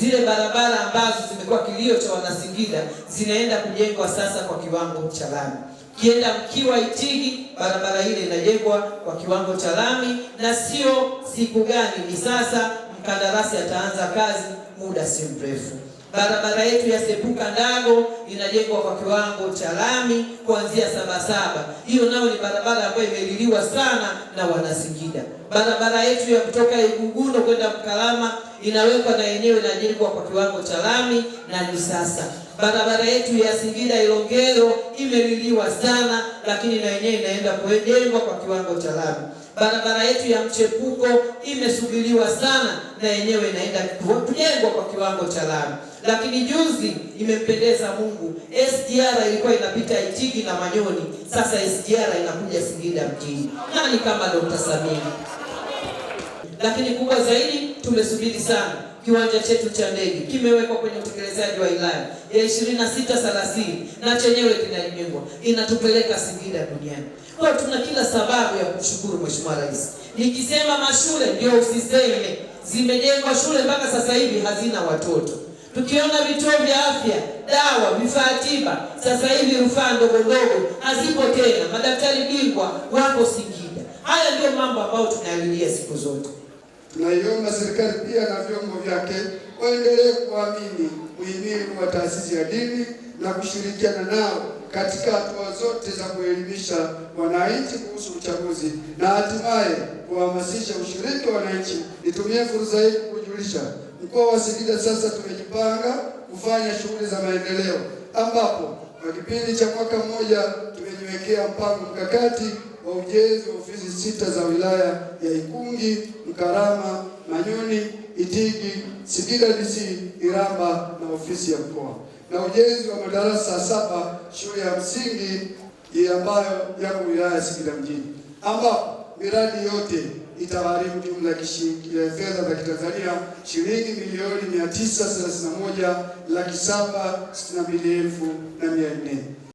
zile barabara ambazo zimekuwa kilio cha Wanasingida zinaenda kujengwa sasa kwa kiwango cha lami. Kienda mkiwa Itigi, barabara ile inajengwa kwa kiwango cha lami, na sio siku gani, ni sasa. Mkandarasi ataanza kazi muda si mrefu. Barabara yetu ya Sepuka Ndago inajengwa kwa kiwango cha lami kuanzia Sabasaba. Hiyo nayo ni barabara ambayo imeliliwa sana na Wanasingida barabara yetu ya kutoka Iguguno kwenda Mkalama inawekwa na yenyewe inajengwa kwa kiwango cha lami na ni sasa. Barabara yetu ya Singida Ilongero imeliliwa sana, lakini na yenyewe inaenda kujengwa kwa kiwango cha lami. Barabara yetu ya mchepuko imesubiriwa sana, na yenyewe inaenda kujengwa kwa kiwango cha lami. Lakini juzi imempendeza Mungu, SGR ilikuwa inapita Itigi na Manyoni, sasa SGR inakuja Singida mjini. Nani kama Dr. Samia? Lakini kubwa zaidi, tumesubiri sana. Kiwanja chetu cha ndege kimewekwa kwenye utekelezaji wa ilani ya 2630 na chenyewe kinajengwa, inatupeleka Singida duniani. Kwa tuna kila sababu ya kumshukuru Mheshimiwa Rais. Nikisema mashule ndio usiseme, zimejengwa shule mpaka sasa hivi hazina watoto tukiona vituo vya afya, dawa, vifaa tiba, sasa hivi rufaa ndogo ndogo hazipo tena, madaktari bingwa wapo Singida. Haya ndio mambo ambayo tunayalilia siku zote. Tunaiomba serikali pia na vyombo vyake waendelee kuamini muhimili wa taasisi ya dini na kushirikiana nao katika hatua zote za kuelimisha wananchi kuhusu uchaguzi na hatimaye kuhamasisha ushiriki wa wananchi. Nitumie fursa hii kukujulisha, mkoa wa Singida sasa tumejipanga kufanya shughuli za maendeleo, ambapo kwa kipindi cha mwaka mmoja tumejiwekea mpango mkakati wa ujenzi wa ofisi sita za wilaya ya Ikungi, Mkarama, Manyoni, Itigi, Singida DC, Iramba na ofisi ya mkoa na ujenzi wa madarasa saba shule ya msingi ambayo yako wilaya ya Singida mjini, ambapo miradi yote itagharimu jumla ya fedha za Kitanzania shilingi milioni mia tisa thelathini na moja laki saba sitini na mbili elfu na mia nne.